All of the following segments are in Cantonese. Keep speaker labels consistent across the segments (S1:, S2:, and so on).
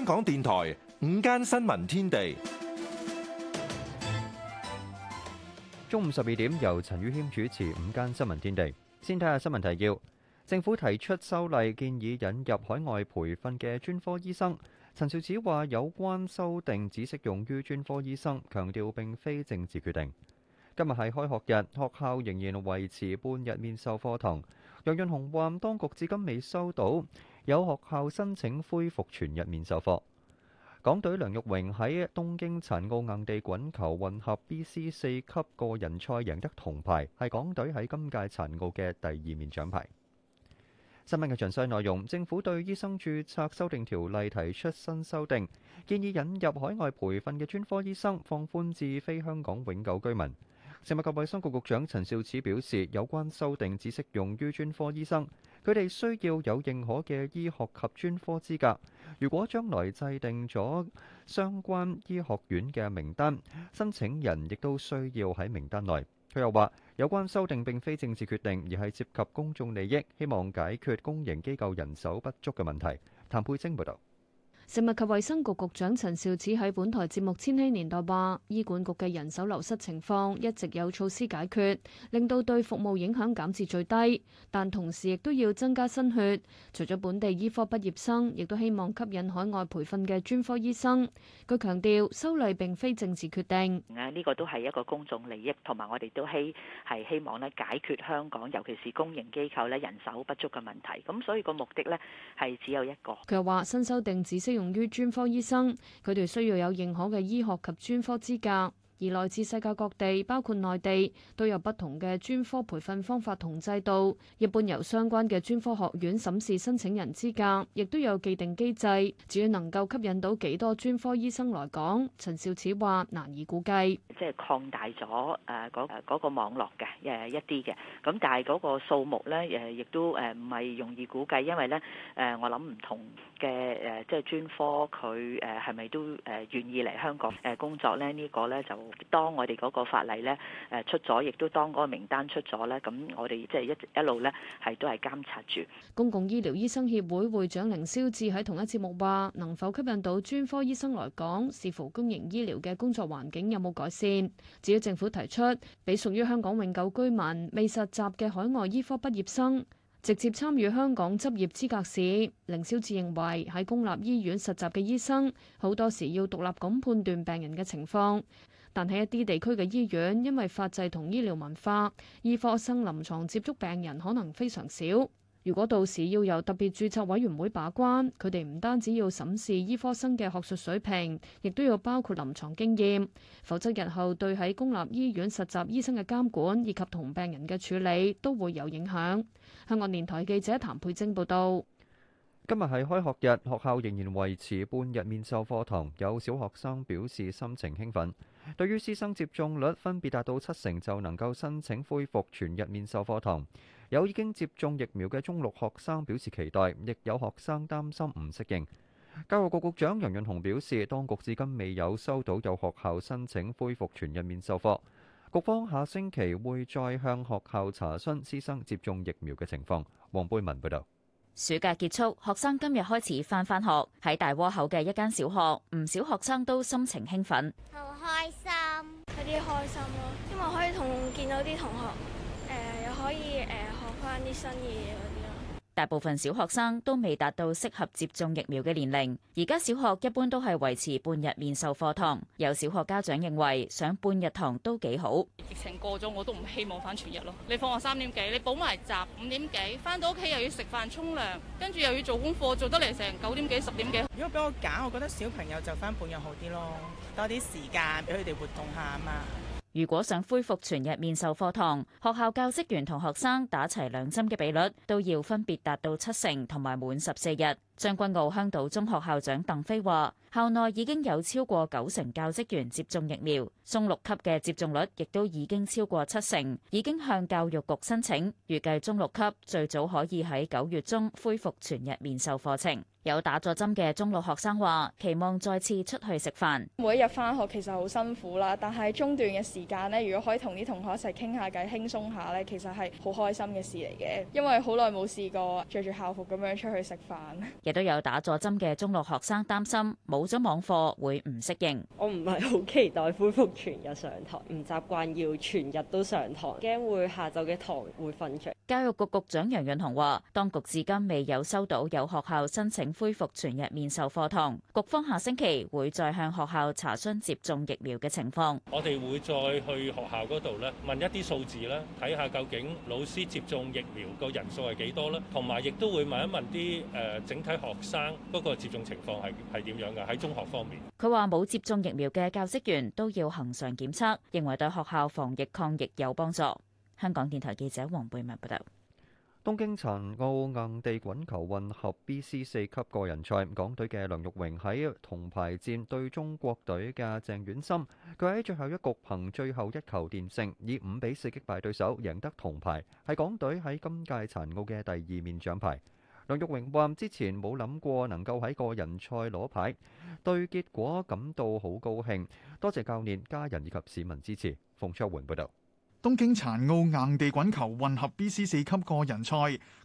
S1: 香港電台
S2: 午間新聞天地，中午十二點由陳宇謙主持《午間新聞天地》。先睇下新聞提要：政府提出修例建議引入海外培訓嘅專科醫生。陳肇始話有關修訂只適用於專科醫生，強調並非政治決定。今日係開學日，學校仍然維持半日面授課堂。楊潤雄話當局至今未收到。有學校申請恢復全日面授課。港隊梁玉榮喺東京殘奧硬地滾球混合 BC 四級個人賽贏得銅牌，係港隊喺今屆殘奧嘅第二面獎牌。新聞嘅詳細內容，政府對醫生註冊修訂條例提出新修訂，建議引入海外培訓嘅專科醫生，放寬至非香港永久居民。食物及衞生局局長陳肇始表示，有關修訂只適用於專科醫生。佢哋需要有認可嘅醫學及專科資格。如果將來制定咗相關醫學院嘅名單，申請人亦都需要喺名單內。佢又話：有關修訂並非政治決定，而係涉及公眾利益，希望解決公營機構人手不足嘅問題。譚佩晶報導。
S3: 食物及衛生局局長陳肇始喺本台節目《千禧年代》話：醫管局嘅人手流失情況一直有措施解決，令到對服務影響減至最低。但同時亦都要增加新血，除咗本地醫科畢業生，亦都希望吸引海外培訓嘅專科醫生。佢強調，修例並非政治決定。
S4: 誒，呢個都係一個公眾利益，同埋我哋都希係希望咧解決香港，尤其是公營機構咧人手不足嘅問題。咁所以個目的咧係只有一個。
S3: 佢又話：新修訂只需要，用於專科醫生，佢哋需要有認可嘅醫學及專科資格。而來自世界各地，包括內地，都有不同嘅專科培訓方法同制度。一般由相關嘅專科學院審視申請人資格，亦都有既定機制。至於能夠吸引到幾多專科醫生來港，陳肇始話難以估計。
S4: 即係擴大咗誒嗰嗰個網絡嘅誒一啲嘅，咁但係嗰個數目呢，誒亦都誒唔係容易估計，因為呢，誒我諗唔同嘅誒即係專科佢誒係咪都誒願意嚟香港誒工作呢？呢、呢個呢，就。當我哋嗰個法例咧，誒出咗，亦都當嗰個名單出咗咧，咁我哋即係一一路咧，係都係監察住。
S3: 公共醫療醫生協會會長凌霄志喺同一節目話：能否吸引到專科醫生來講，視乎公營醫療嘅工作環境有冇改善。至於政府提出俾屬於香港永久居民未實習嘅海外醫科畢業生直接參與香港執業資格試，凌霄志認為喺公立醫院實習嘅醫生好多時要獨立咁判斷病人嘅情況。但喺一啲地區嘅醫院，因為法制同醫療文化，醫科生臨床接觸病人可能非常少。如果到時要由特別註冊委員會把關，佢哋唔單止要審視醫科生嘅學術水平，亦都要包括臨床經驗。否則日後對喺公立醫院實習醫生嘅監管以及同病人嘅處理都會有影響。香港電台記者譚佩晶報導。
S2: 今日係開學日，學校仍然維持半日面授課堂，有小學生表示心情興奮。對於師生接種率分別達到七成，就能夠申請恢復全日面授課堂。有已經接種疫苗嘅中六學生表示期待，亦有學生擔心唔適應。教育局局長楊潤雄表示，當局至今未有收到有學校申請恢復全日面授課，局方下星期會再向學校查詢師生接種疫苗嘅情況。黃貝文報
S4: 道。暑假結束，學生今日開始翻翻學。喺大窩口嘅一間小學，唔少學生都心情興奮，好開心，有啲開心咯，因為可以同見到啲同學，誒、呃，又可以誒、呃、學翻啲新嘢。大部分小學生都未達到適合接種疫苗嘅年齡，而家小學一般都係維持半日面授課堂。有小學家長認為上半日堂都幾好。
S3: 疫情過咗，我都唔希望翻全日咯。你放學三點幾，你補埋習五點幾，翻到屋企又要食
S5: 飯沖涼，跟住又要做功課做得嚟成九點幾十點幾。如果俾我揀，我覺得小朋友就翻半日好啲咯，多啲時間俾佢哋活動下啊嘛。媽媽
S4: 如果想恢復全日面授課堂，學校教職員同學生打齊兩針嘅比率都要分別達到七成同埋滿十四日。將軍澳香島中學校長鄧飛話：校內已經有超過九成教職員接種疫苗，中六級嘅接種率亦都已經超過七成，已經向教育局申請，預計中六級最早可以喺九月中恢復全日面授課程。有打咗針嘅中六學生話：期望再次出去食飯。每一日翻學其實好辛苦啦，但係中段嘅時間呢，如果可以同啲同學一齊傾下偈，輕鬆下呢，其實係好開心嘅事嚟嘅。因為好耐冇試過着住校服咁樣出去食飯。亦都有打咗針嘅中六學生擔心冇咗網課會唔適應。
S3: 我唔係好期待恢復全日上堂，唔習慣要全日都上堂，驚會下晝嘅堂會瞓著。
S4: 教育局局長楊潤雄話，當局至今未有收到有學校申請恢復全日面授課堂。局方下星期會再向學校查詢接種疫苗嘅情況。
S6: 我哋會再去學校嗰度咧問一啲數字啦，睇下究竟老師接種疫苗個人數係幾多啦，同埋亦都會問一問啲誒整體。喺學生嗰個接種情況係係點樣㗎？喺中學方
S4: 面，佢話冇接種疫苗嘅教職員都要恆常檢測，認為對學校防疫抗疫有幫助。香港電台記者黃貝文報道。
S2: 東京殘奧硬地滾球混合 BC 四級個人賽，港隊嘅梁玉榮喺銅牌戰對中國隊嘅鄭遠森，佢喺最後一局憑最後一球電勝，以五比四擊敗對手，贏得銅牌，係港隊喺今屆殘奧嘅第二面獎牌。梁玉榮話：之前冇諗過能夠喺個人賽攞牌，對結果感到好高興，多謝教練、家人以及市民支持。馮卓媛報導。
S7: 東京殘奧硬地滾球混合 B C 四級個人賽，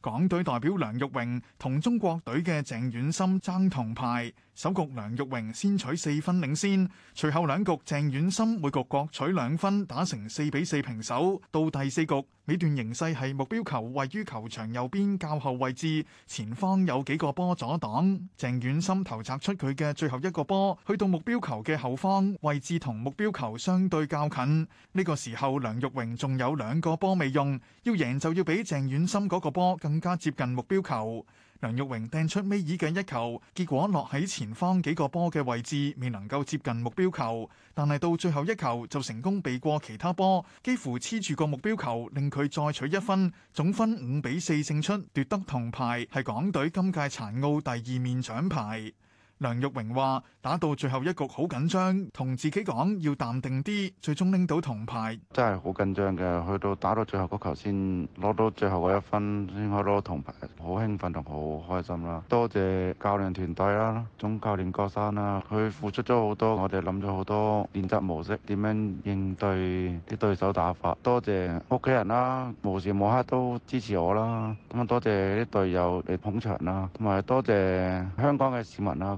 S7: 港隊代表梁玉榮同中國隊嘅鄭遠心爭銅牌。首局梁玉榮先取四分領先，隨後兩局鄭遠心每局各取兩分，打成四比四平手。到第四局，尾段形勢係目標球位於球場右邊較後位置，前方有幾個波阻擋。鄭遠心投擲出佢嘅最後一個波，去到目標球嘅後方，位置同目標球相對較近。呢個時候梁玉榮仲有兩個波未用，要贏就要比鄭遠心嗰個波更加接近目標球。梁玉榮掟出尾二嘅一球，結果落喺前方幾個波嘅位置，未能夠接近目標球。但係到最後一球就成功避過其他波，幾乎黐住個目標球，令佢再取一分，總分五比四勝出，奪得銅牌，係港隊今屆殘奧第二面獎牌。梁玉榮話：打到最後一局好緊張，同自己講要淡定啲，最終拎到銅牌，
S6: 真係好緊張嘅。去到打到最後嗰球先攞到最後嘅一分，先可以攞到銅牌，好興奮同好開心啦！多謝教練團隊啦，總教練郭生啦，佢付出咗好多，我哋諗咗好多練習模式，點樣應對啲對手打法。多謝屋企人啦，無時無刻都支持我啦。咁啊，多謝啲隊友嚟捧場啦，同埋多謝香港嘅市民啦。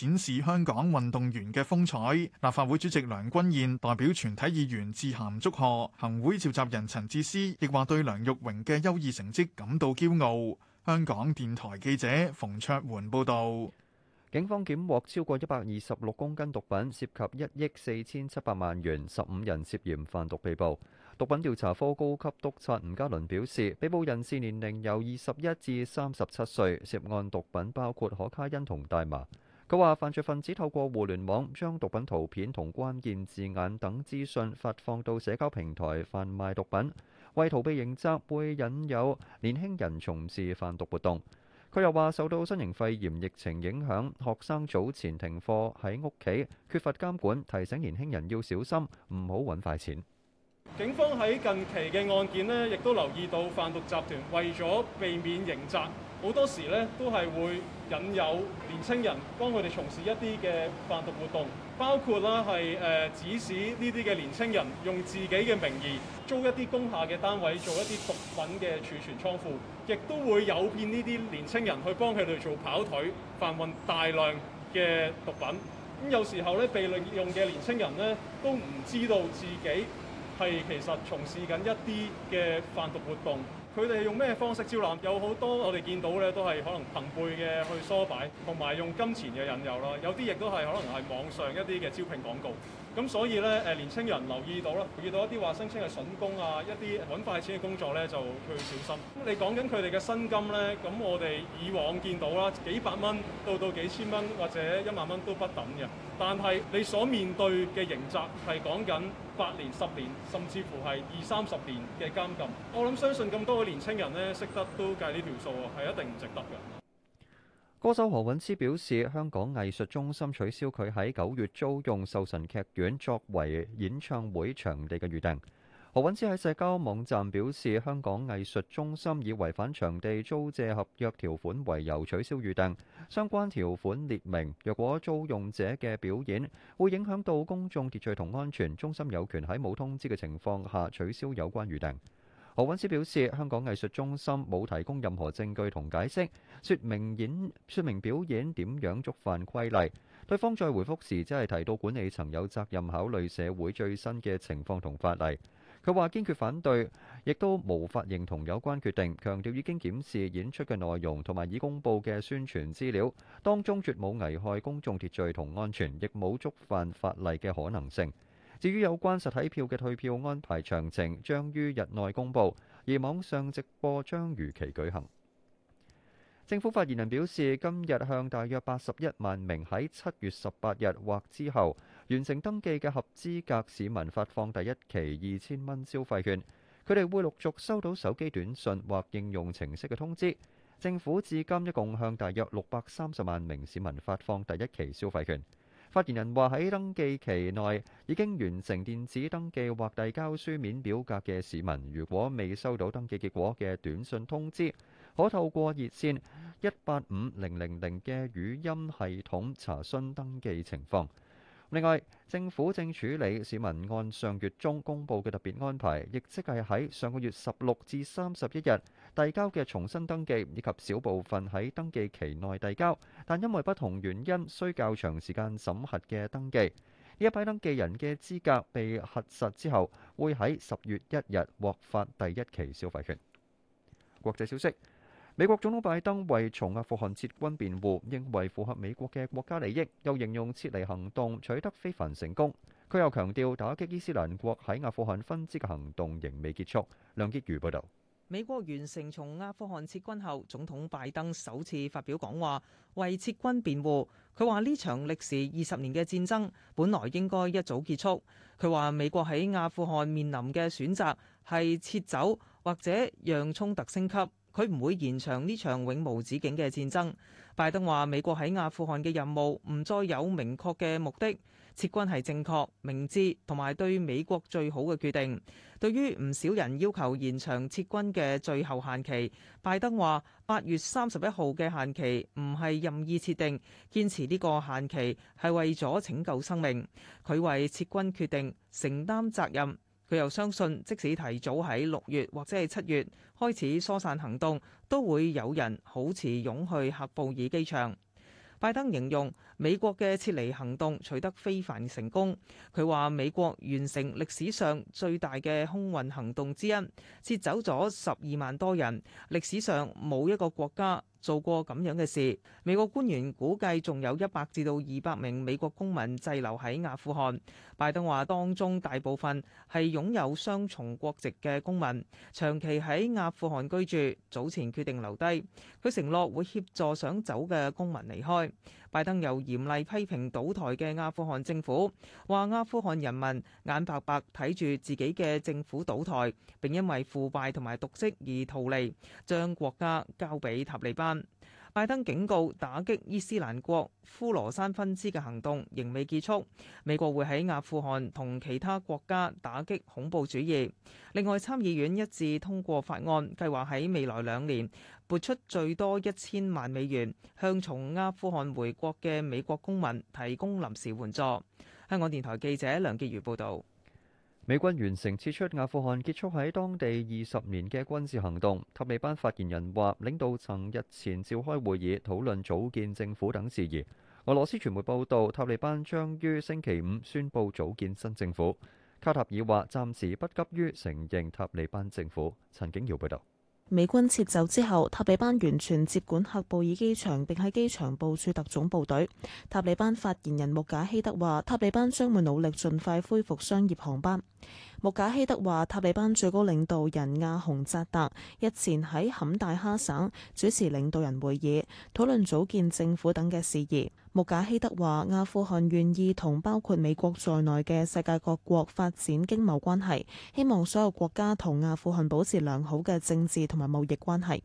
S7: 展示香港運動員嘅風采。立法會主席梁君彥代表全體議員致函祝賀，行會召集人陳智思亦話對梁玉榮嘅優異成績感到驕傲。香港電台
S2: 記者馮卓媛報導，警方檢獲超過一百二十六公斤毒品，涉及一億四千七百萬元，十五人涉嫌販毒被捕。毒品調查科高級督察吳嘉倫表示，被捕人士年齡由二十一至三十七歲，涉案毒品包括可卡因同大麻。佢話：犯罪分子透過互聯網將毒品圖片同關鍵字眼等資訊發放到社交平台販賣毒品，為逃避刑責，會引誘年輕人從事販毒活動。佢又話：受到新型肺炎疫情影響，學生早前停課喺屋企，缺乏監管，提醒年輕人要小心，唔好揾快錢。
S8: 警方喺近期嘅案件呢，亦都留意到販毒集團為咗避免刑責，好多時呢都係會，引誘年青人幫佢哋從事一啲嘅販毒活動，包括啦，係誒指使呢啲嘅年青人用自己嘅名義租一啲工廈嘅單位，做一啲毒品嘅儲存倉庫，亦都會誘騙呢啲年青人去幫佢哋做跑腿、販運大量嘅毒品。咁有時候咧，被利用嘅年青人咧都唔知道自己係其實從事緊一啲嘅販毒活動。佢哋用咩方式招攬？有好多我哋見到呢，都係可能朋輩嘅去梳擺，同埋用金錢嘅引誘啦。有啲亦都係可能係網上一啲嘅招聘廣告。咁所以呢，誒年輕人留意到啦，遇到一啲話聲稱係筍工啊，一啲揾快錢嘅工作呢，就佢要小心。咁你講緊佢哋嘅薪金呢？咁我哋以往見到啦，幾百蚊。到到幾千蚊或者一萬蚊都不等嘅，但係你所面對嘅刑責係講緊八年、十年，甚至乎係二三十年嘅監禁。我諗相信咁多嘅年青人咧，識得都計呢條數係一定唔值得嘅。
S2: 歌手何韻詩表示，香港藝術中心取消佢喺九月租用壽臣劇院作為演唱會場地嘅預訂。何韻詩喺社交網站表示，香港藝術中心以違反場地租借合約條款為由取消預訂。相關條款列明，若果租用者嘅表演會影響到公眾秩序同安全，中心有權喺冇通知嘅情況下取消有關預訂。何韻詩表示，香港藝術中心冇提供任何證據同解釋，説明演説明表演點樣觸犯規例。對方在回覆時只係提到管理層有責任考慮社會最新嘅情況同法例。佢話堅決反對，亦都無法認同有關決定，強調已經檢視演出嘅內容同埋已公佈嘅宣傳資料，當中絕冇危害公眾秩序同安全，亦冇觸犯法例嘅可能性。至於有關實體票嘅退票安排詳情，將於日內公佈，而網上直播將如期舉行。政府發言人表示，今日向大約八十一萬名喺七月十八日或之後完成登記嘅合資格市民發放第一期二千蚊消費券，佢哋會陸續收到手機短信或應用程式嘅通知。政府至今一共向大約六百三十萬名市民發放第一期消費券。發言人話：喺登記期內已經完成電子登記或遞交書面表格嘅市民，如果未收到登記結果嘅短信通知，可透過熱線一八五零零零嘅語音系統查詢登記情況。另外，政府正處理市民按上月中公布嘅特別安排，亦即係喺上個月十六至三十一日遞交嘅重新登記，以及少部分喺登記期內遞交，但因為不同原因需較長時間審核嘅登記。呢一批登記人嘅資格被核實之後，會喺十月一日獲發第一期消費券。國際消息。美國總統拜登為從阿富汗撤軍辯護，認為符合美國嘅國家利益，又形容撤離行動取得非凡成功。佢又強調打擊伊斯蘭國喺阿富汗分支嘅行動仍未結束。梁潔如報道。
S5: 美國完成從阿富汗撤軍後，總統拜登首次發表講話，為撤軍辯護。佢話呢場歷時二十年嘅戰爭本來應該一早結束。佢話美國喺阿富汗面臨嘅選擇，係撤走或者讓衝突升級。佢唔會延長呢場永無止境嘅戰爭。拜登話：美國喺阿富汗嘅任務唔再有明確嘅目的，撤軍係正確、明智同埋對美國最好嘅決定。對於唔少人要求延長撤軍嘅最後限期，拜登話：八月三十一號嘅限期唔係任意設定，堅持呢個限期係為咗拯救生命。佢為撤軍決定承擔責任。佢又相信，即使提早喺六月或者係七月開始疏散行動，都會有人好遲湧去喀布爾機場。拜登形容美國嘅撤離行動取得非凡成功。佢話美國完成歷史上最大嘅空運行動之一，撤走咗十二萬多人。歷史上冇一個國家。做過咁樣嘅事，美國官員估計仲有一百至到二百名美國公民滯留喺阿富汗。拜登話，當中大部分係擁有雙重國籍嘅公民，長期喺阿富汗居住，早前決定留低。佢承諾會協助想走嘅公民離開。拜登又嚴厲批評倒台嘅阿富汗政府，話阿富汗人民眼白白睇住自己嘅政府倒台，並因為腐敗同埋瀆職而逃離，將國家交俾塔利班。拜登警告，打擊伊斯蘭國呼羅珊分支嘅行動仍未結束，美國會喺阿富汗同其他國家打擊恐怖主義，另外，參議院一致通過法案，計劃喺未來兩年撥出最多一千萬美元，向從阿富汗回國嘅美國公民提供臨時援助。香港電台記者梁潔如報道。
S2: 美軍完成撤出阿富汗，結束喺當地二十年嘅軍事行動。塔利班發言人話，領導層日前召開會議，討論組建政府等事宜。俄羅斯傳媒報道，塔利班將於星期五宣布組建新政府。卡塔爾話，暫時不急於承認塔利班政府。陳景堯報道。
S9: 美軍撤走之後，塔利班完全接管喀布爾機場，並喺機場部署特種部隊。塔利班發言人穆賈希德話，塔利班將會努力盡快恢復商業航班。穆賈希德話：塔利班最高領導人亞洪扎達日前喺坎大哈省主持領導人會議，討論組建政府等嘅事宜。穆賈希德話：阿富汗願意同包括美國在內嘅世界各國發展經貿關係，希望所有國家同阿富汗保持良好嘅政治同埋貿易關係。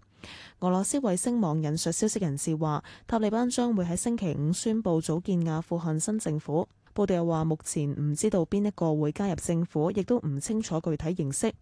S9: 俄羅斯衛星網引述消息人士話：塔利班將會喺星期五宣布組建阿富汗新政府。布迪又話：目前唔知道邊一個會加入政府，亦都唔清楚具體形式。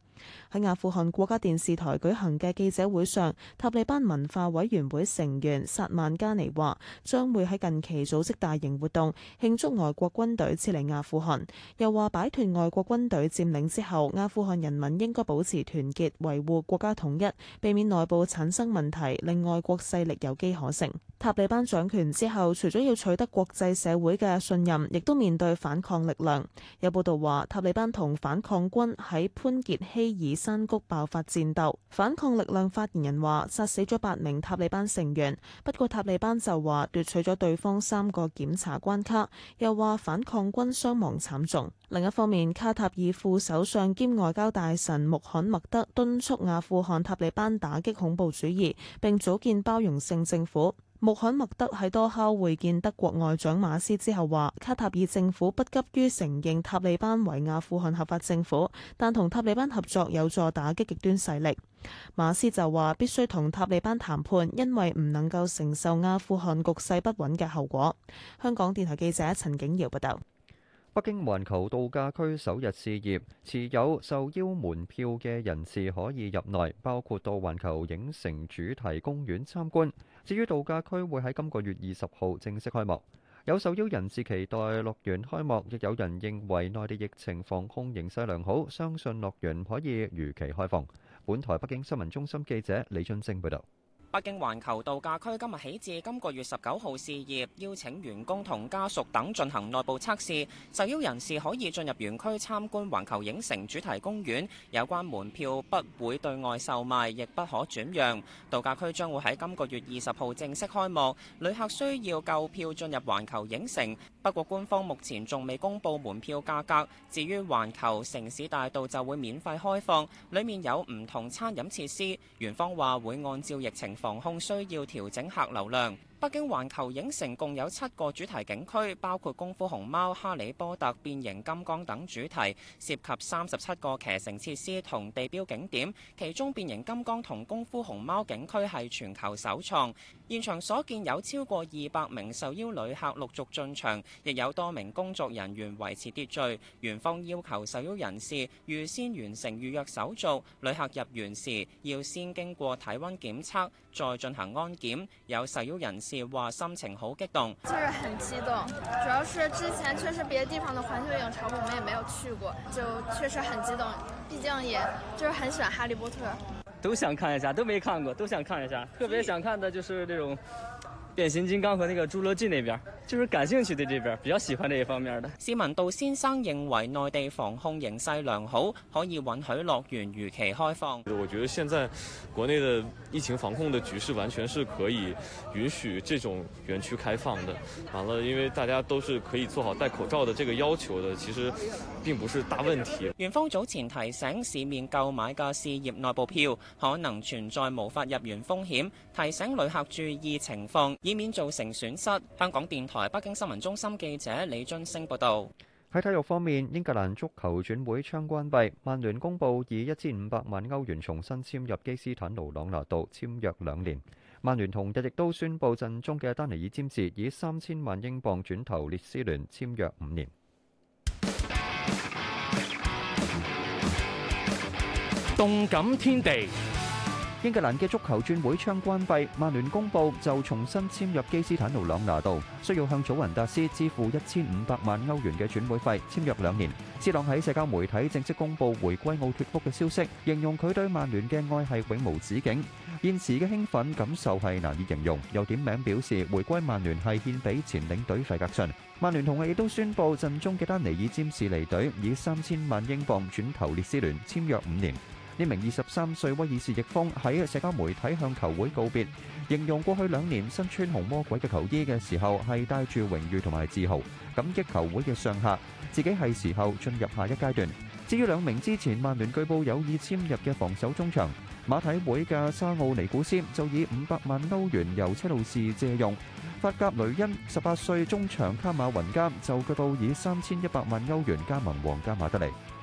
S9: 喺阿富汗國家電視台舉行嘅記者會上，塔利班文化委員會成員薩曼加尼話：將會喺近期組織大型活動慶祝外國軍隊撤離阿富汗。又話擺脱外國軍隊佔領之後，阿富汗人民應該保持團結，維護國家統一，避免內部產生問題，令外國勢力有機可乘。塔利班掌權之後，除咗要取得國際社會嘅信任，亦都面對反抗力量。有報道話，塔利班同反抗軍喺潘傑希爾山谷爆發戰鬥。反抗力量發言人話殺死咗八名塔利班成員，不過塔利班就話奪取咗對方三個檢查關卡，又話反抗軍傷亡慘重。另一方面，卡塔爾副首相兼外交大臣穆罕默德敦促阿富汗塔利班打擊恐怖主義，並組建包容性政府。穆罕默德喺多哈會見德國外長馬斯之後話：卡塔爾政府不急於承認塔利班為阿富汗合法政府，但同塔利班合作有助打擊極端勢力。馬斯就話：必須同塔利班談判，因為唔能夠承受阿富汗局勢不穩嘅後果。香港電台記者陳景瑤報道。
S2: 北京環球度假區首日試業，持有受邀門票嘅人士可以入內，包括到環球影城主題公園參觀。至於度假區會喺今個月二十號正式開幕，有受邀人士期待樂園開幕，亦有人認為內地疫情防控形勢良好，相信樂園可以如期開放。本台北京新聞中心記者李俊晶報道。
S10: 北京環球度假區今日起至今個月十九號試業，邀請員工同家屬等進行內部測試。受邀人士可以進入園區參觀環球影城主題公園，有關門票不會對外售賣，亦不可轉讓。度假區將會喺今個月二十號正式開幕，旅客需要購票進入環球影城。不過官方目前仲未公布門票價格。至於環球城市大道就會免費開放，裏面有唔同餐飲設施。園方話會按照疫情。防控需要調整客流量。北京環球影城共有七個主題景區，包括功夫熊貓、哈利波特、變形金剛等主題，涉及三十七個騎乘設施同地標景點。其中變形金剛同功夫熊貓景區係全球首創，現場所見有超過二百名受邀旅客陸續進場，亦有多名工作人員維持秩序。園方要求受邀人士預先完成預約手續，旅客入園時要先經過體溫檢測，再進行安檢，有受邀人。是話心情好激動，
S3: 就是很激動，主要是之前確實別的地方的環球影城我們也沒有去過，就確實很激動，畢竟也就是很喜歡哈利波特，
S10: 都想看一下，都沒看過，都想看一下，特別想看的就是這種。變形金剛和那個侏羅紀那邊，就是感興趣的這邊，比較喜歡這一方面的。市民杜先生認為，內地防控形勢良好，可以允許樂園如期開
S8: 放。我覺得現在國內的疫情防控的局勢完全是可以允許這種園區開放的。完了，因為大家都是可以做好戴口罩的這個要求的，其實並不是大問題。
S10: 園方早前提醒，市面購買的事業內部票可能存在無法入園風險，提醒旅客注意情況。以免造成損失。香港電台北京新聞中心記者李俊升報導。
S2: 喺體育方面，英格蘭足球轉會窗關閉，曼聯公佈以一千五百萬歐元重新簽入基斯坦奴朗拿度，簽約兩年。曼聯同日亦都宣布陣中嘅丹尼爾占士，以三千萬英鎊轉投列斯聯，簽約五年。
S4: 動
S2: 感天地。英格蘭嘅足球轉會窗關閉，曼聯公佈就重新簽約基斯坦奴朗拿度，需要向祖雲達斯支付一千五百萬歐元嘅轉會費，簽約兩年。斯朗喺社交媒體正式公佈回歸奧脫福嘅消息，形容佢對曼聯嘅愛係永無止境，現時嘅興奮感受係難以形容。又點名表示回歸曼聯係獻俾前領隊費格遜。曼聯同日亦都宣布陣中嘅丹尼爾詹士離隊，以三千萬英鎊轉投列斯聯，簽約五年。一名二十三歲威爾士翼鋒喺社交媒體向球會告別，形容過去兩年身穿紅魔鬼嘅球衣嘅時候係帶住榮譽同埋自豪，感激球會嘅上下，自己係時候進入下一階段。至於兩名之前曼聯據報有意簽入嘅防守中場，馬體會嘅沙奧尼古斯就以五百萬歐元由車路士借用，法甲雷恩十八歲中場卡馬雲加就據報以三千一百萬歐元加盟皇家馬德里。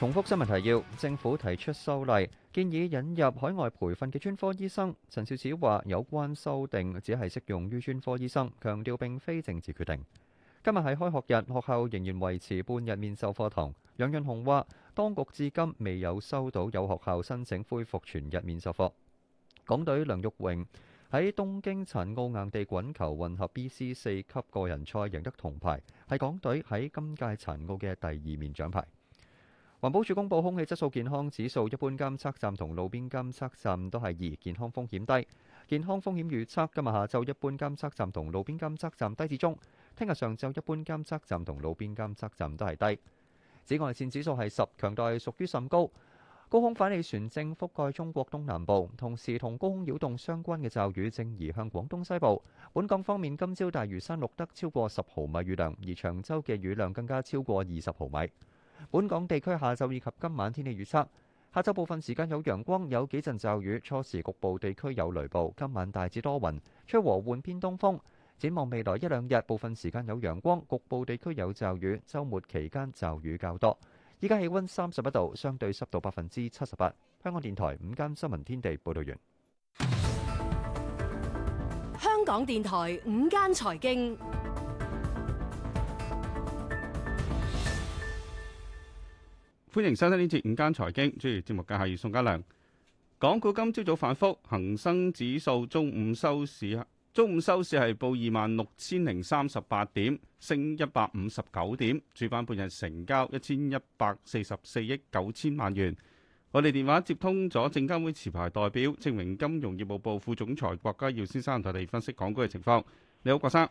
S2: 重複新聞提要。政府提出修例，建議引入海外培訓嘅專科醫生。陳肇始話：有關修訂只係適用於專科醫生，強調並非政治決定。今日係開學日，學校仍然維持半日面授課堂。楊潤雄話：當局至今未有收到有學校申請恢復全日面授課。港隊梁玉榮喺東京殘奧硬地滾球混合 BC 四級個人賽贏得銅牌，係港隊喺今屆殘奧嘅第二面獎牌。環保署公布空氣質素健康指數，一般監測站同路邊監測站都係二，健康風險低。健康風險預測今日下晝一般監測站同路邊監測站低至中，聽日上晝一般監測站同路邊監測站都係低。紫外線指數係十，強度係屬於甚高。高空反氣旋正覆蓋中國東南部，同時同高空擾動相關嘅驟雨正移向廣東西部。本港方面，今朝大嶼山錄得超過十毫米雨量，而長洲嘅雨量更加超過二十毫米。本港地區下晝以及今晚天氣預測：下晝部分時間有陽光，有幾陣驟雨，初時局部地區有雷暴。今晚大致多雲，吹和緩偏東風。展望未來一兩日，部分時間有陽光，局部地區有驟雨。周末期間驟雨較多。依家氣溫三十一度，相對濕度百分之七十八。香港電台午間新聞天地報道完。
S3: 香港電台午間財經。
S1: 歡迎收聽呢節午間財經，主持節目嘅係宋家良。港股今朝早反覆，恒生指數中午收市，中午收市係報二萬六千零三十八點，升一百五十九點，主板半日成交一千一百四十四億九千萬元。我哋電話接通咗證監會持牌代表、證明金融業務部副總裁郭家耀先生，同我哋分析港股嘅情況。你好，郭生。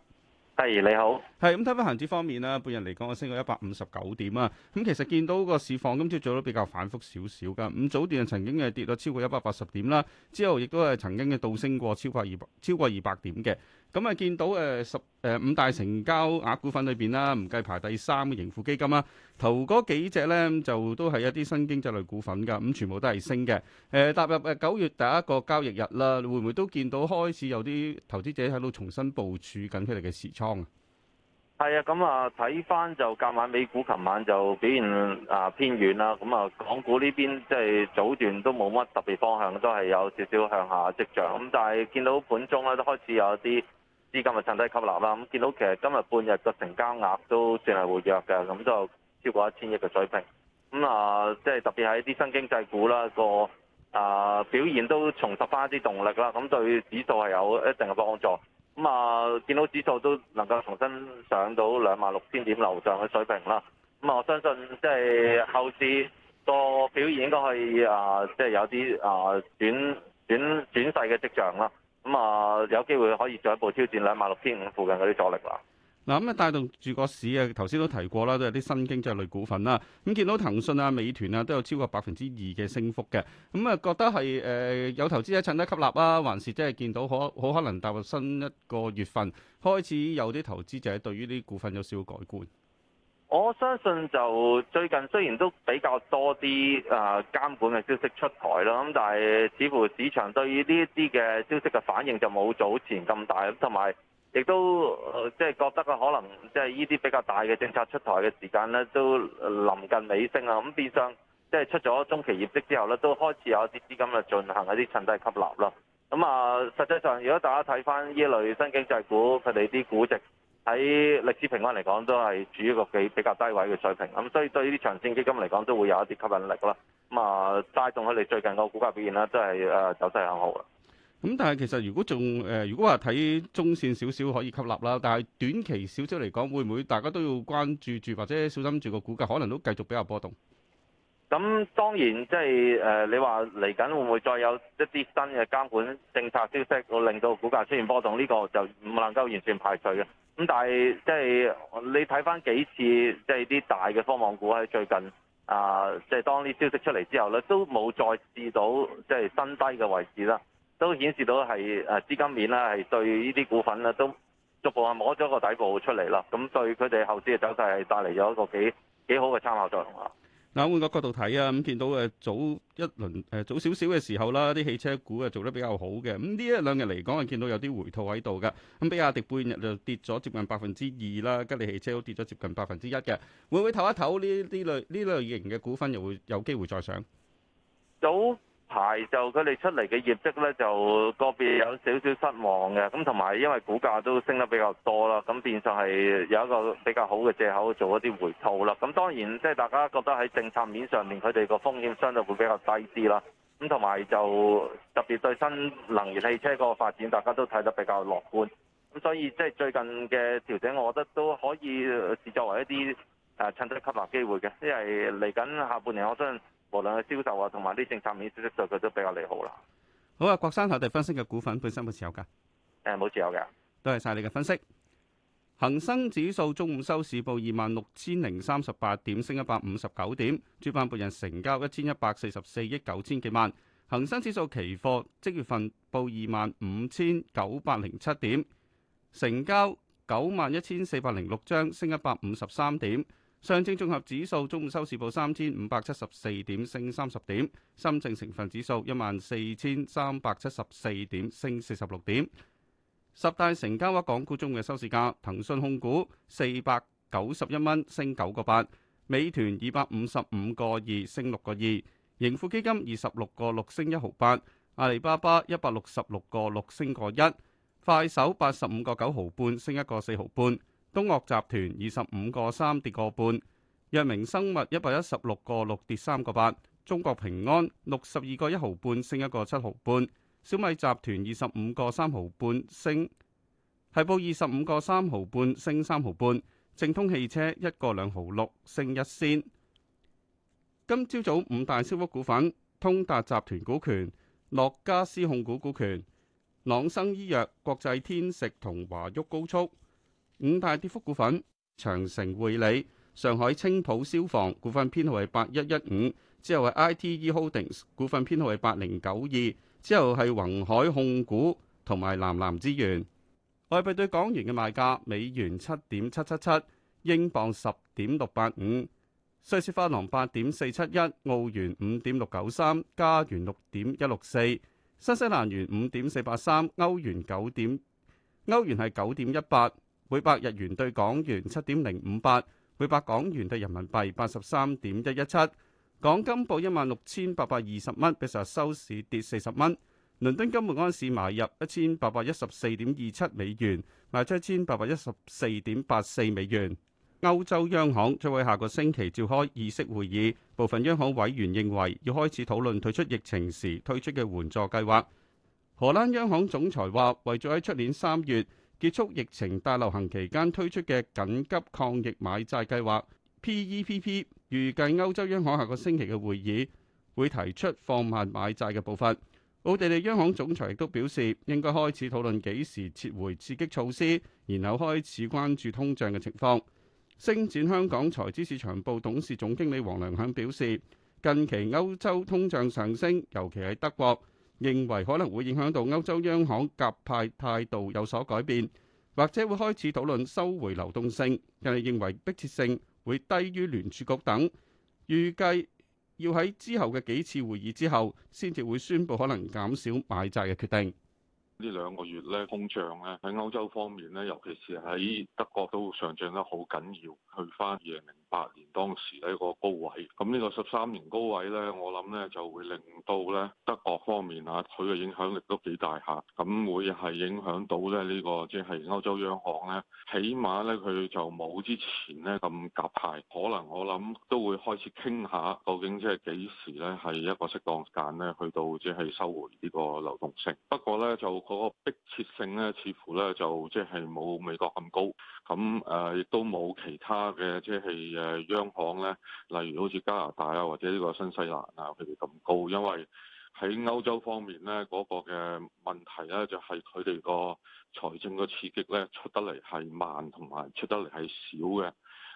S1: 係你好，係咁睇翻恒指方面啦，半日嚟講，升咗一百五十九點啊。咁其實見到個市況，今朝早都比較反覆少少噶。咁早段曾經嘅跌咗超過一百八十點啦，之後亦都係曾經嘅倒升過超過二百，超過二百點嘅。咁啊，見到誒十誒、呃、五大成交額股份裏邊啦，唔計排第三嘅盈富基金啦，頭嗰幾隻咧就都係一啲新經濟類股份㗎，咁全部都係升嘅。誒、呃，踏入誒九月第一個交易日啦，會唔會都見到開始有啲投資者喺度重新部署緊佢哋嘅持倉
S4: 啊？
S6: 係啊，咁啊，睇翻就今晚美股，琴晚就表現啊偏軟啦。咁啊，港股呢邊即係、就是、早段都冇乜特別方向，都係有少少向下跡象。咁但係見到盤中咧都開始有啲。資金就趁低吸納啦，咁見到其實今日半日嘅成交額都算係活躍嘅，咁就超過一千億嘅水平。咁啊，即、呃、係、就是、特別喺啲新經濟股啦，那個啊、呃、表現都重拾翻一啲動力啦，咁對指數係有一定嘅幫助。咁啊、呃，見到指數都能夠重新上到兩萬六千點樓上嘅水平啦。咁啊，我相信即係後市個表現應該可以啊，即、呃、係、就是、有啲啊轉轉轉勢嘅跡象啦。咁啊、嗯，有機會可以進一步挑戰兩萬六千五附近嗰啲阻力
S1: 啦。嗱，咁啊帶動住個市嘅，頭先都提過啦，都有啲新經濟類股份啦。咁見到騰訊啊、美團啊，都有超過百分之二嘅升幅嘅。咁啊，覺得係誒有投資者趁得吸納啊，還是即係見到可好可能踏入新一個月份開始有啲投資者對於啲股份有少少改觀。
S6: 我相信就最近雖然都比較多啲啊監管嘅消息出台啦，咁但係似乎市場對於呢一啲嘅消息嘅反應就冇早前咁大，咁同埋亦都即係覺得啊可能即係呢啲比較大嘅政策出台嘅時間咧都臨近尾聲啊，咁變相即係出咗中期業績之後咧，都開始有一啲資金啊進行一啲趁低吸納啦。咁啊，實際上如果大家睇翻呢類新經濟股，佢哋啲估值，喺歷史平均嚟講，都係處於一個比比較低位嘅水平，咁所以對呢啲長線基金嚟講，都會有一啲吸引力啦。咁啊，帶動佢哋最近個股價表現啦，都係誒走勢向好啦。
S1: 咁、嗯、但係其實如果仲誒、呃，如果話睇中線少少可以吸納啦，但係短期少少嚟講，會唔會大家都要關注住或者小心住個股價，可能都繼續比較波動？
S6: 咁當然即係誒，你話嚟緊會唔會再有一啲新嘅監管政策消息，會令到股價出現波動，呢個就唔能夠完全排除嘅。咁但係即係你睇返幾次，即係啲大嘅科網股喺最近啊，即係當啲消息出嚟之後咧，都冇再試到即係新低嘅位置啦，都顯示到係誒資金面啦，係對呢啲股份咧都逐步係摸咗個底部出嚟啦。咁對佢哋後市嘅走勢係帶嚟咗一個幾幾好嘅參考作用啦。
S1: 嗱，換個角度睇啊，咁見到早一輪早少少嘅時候啦，啲汽車股啊做得比較好嘅，咁呢一兩日嚟講啊，見到有啲回吐喺度嘅，咁比亞迪半日就跌咗接近百分之二啦，吉利汽車都跌咗接近百分之一嘅，會唔會唞一唞呢？呢類,類型嘅股份又會有機會再上？
S6: 排就佢哋出嚟嘅業績呢，就個別有少少失望嘅。咁同埋因為股價都升得比較多啦，咁變就係有一個比較好嘅借口做一啲回吐啦。咁當然即係大家覺得喺政策面上面，佢哋個風險相對會比較低啲啦。咁同埋就特別對新能源汽車個發展，大家都睇得比較樂觀。咁所以即係最近嘅調整，我覺得都可以視作為一啲誒趁得吸納機會嘅，因為嚟緊下半年我相信。無論係銷售啊，同埋啲政策面啲數據，佢都比較利
S1: 好啦。好啊，郭生，我哋分析嘅股份本身有冇持有噶？誒、嗯，
S6: 冇持有嘅。
S1: 多謝晒你嘅分析。恒生指數中午收市報二萬六千零三十八點，升一百五十九點。主板半日成交一千一百四十四億九千幾萬。恒生指數期貨即月份報二萬五千九百零七點，成交九萬一千四百零六張，升一百五十三點。上證綜合指數中午收市報三千五百七十四點，升三十點；深證成分指數一萬四千三百七十四點，升四十六點。十大成交額港股中嘅收市價：騰訊控股四百九十一蚊，升九個八；美團二百五十五個二，升六個二；盈富基金二十六個六，升一毫八；阿里巴巴一百六十六個六，升個一；快手八十五個九毫半，升一個四毫半。東岳集團二十五個三跌個半，藥明生物一百一十六個六跌三個八，中國平安六十二個一毫半升一個七毫半，小米集團二十五個三毫半升，係報二十五個三毫半升三毫半，正通汽車一個兩毫六升一仙。今朝早五大升幅股份：通達集團股權、諾嘉思控股股權、朗生醫藥、國際天食同華旭高速。五大跌幅股份：長城匯理、上海青浦消防股份編號係八一一五，之後係 I T E Holdings 股份編號係八零九二，之後係宏海控股同埋南南資源。外幣兌港元嘅賣價：美元七點七七七，英鎊十點六八五，瑞士法郎八點四七一，澳元五點六九三，加元六點一六四，新西蘭元五點四八三，歐元九點歐元係九點一八。每百日元兌港元七點零五八，每百港元兌人民幣八十三點一一七。港金報一萬六千八百二十蚊，比上日收市跌四十蚊。倫敦金每盎司買入一千八百一十四點二七美元，賣出一千八百一十四點八四美元。歐洲央行將會下個星期召開議息會議，部分央行委員認為要開始討論退出疫情時推出嘅援助計劃。荷蘭央行總裁話，為咗喺出年三月。結束疫情大流行期間推出嘅緊急抗疫買債計劃 （PEPP），預計歐洲央行下個星期嘅會議會提出放慢買債嘅步伐。奧地利央行總裁亦都表示，應該開始討論幾時撤回刺激措施，然後開始關注通脹嘅情況。星展香港財資市場部董事總經理王良享表示，近期歐洲通脹上升，尤其係德國。認為可能會影響到歐洲央行鴿派態度有所改變，或者會開始討論收回流動性。人哋認為迫切性會低於聯儲局等，預計要喺之後嘅幾次會議之後，先至會宣布可能減少買債嘅決定。
S11: 呢兩個月咧通脹咧喺歐洲方面咧，尤其是喺德國都上漲得好緊要，去翻二零。八年當時呢個高位，咁呢個十三年高位呢，我諗呢就會令到呢德國方面啊，佢嘅影響力都幾大下咁會係影響到咧、這、呢個即係、就是、歐洲央行呢，起碼呢佢就冇之前呢咁鴿派，可能我諗都會開始傾下，究竟即係幾時呢係一個適當時間呢去到即係收回呢個流動性。不過呢，就嗰個迫切性呢，似乎呢就即係冇美國咁高，咁誒亦都冇其他嘅即係。誒央行咧，例如好似加拿大啊，或者呢個新西蘭啊，佢哋咁高，因為喺歐洲方面咧，嗰個嘅問題咧，就係佢哋個財政嘅刺激咧，出得嚟係慢，同埋出得嚟係少嘅。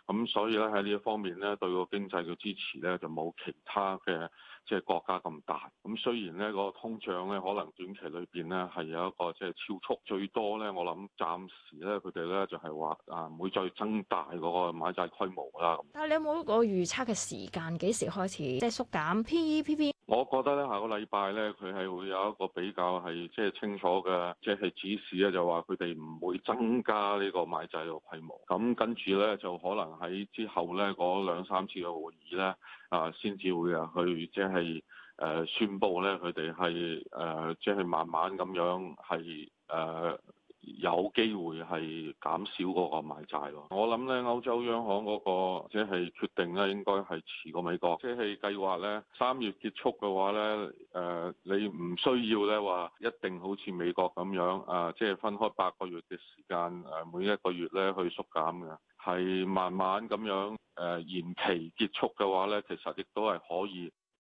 S11: 咁所以咧，喺呢一方面咧，對個經濟嘅支持咧就冇其他嘅即係國家咁大。咁雖然咧個通脹咧可能短期裏邊咧係有一個即係超速，最多咧我諗暫時咧佢哋咧就係話啊唔會再增大嗰個買債規模啦。但
S4: 係，你有冇一個預測嘅時間幾時開始即係縮減 PEPP？
S11: 我覺得咧，下個禮拜咧，佢係會有一個比較係即係清楚嘅，即係指示啊，就話佢哋唔會增加呢個買債嘅規模。咁跟住咧，就可能喺之後咧嗰兩三次嘅會議咧，啊，先至會啊去即係誒宣佈咧，佢哋係誒即係慢慢咁樣係誒。呃有機會係減少嗰個買債咯。我諗咧，歐洲央行嗰、那個即係、就是、決定咧，應該係遲過美國。即、就、係、是、計劃咧，三月結束嘅話咧，誒、呃、你唔需要咧話一定好似美國咁樣啊，即、呃、係、就是、分開八個月嘅時間，誒、呃、每一個月咧去縮減嘅，係慢慢咁樣誒、呃、延期結束嘅話咧，其實亦都係可以。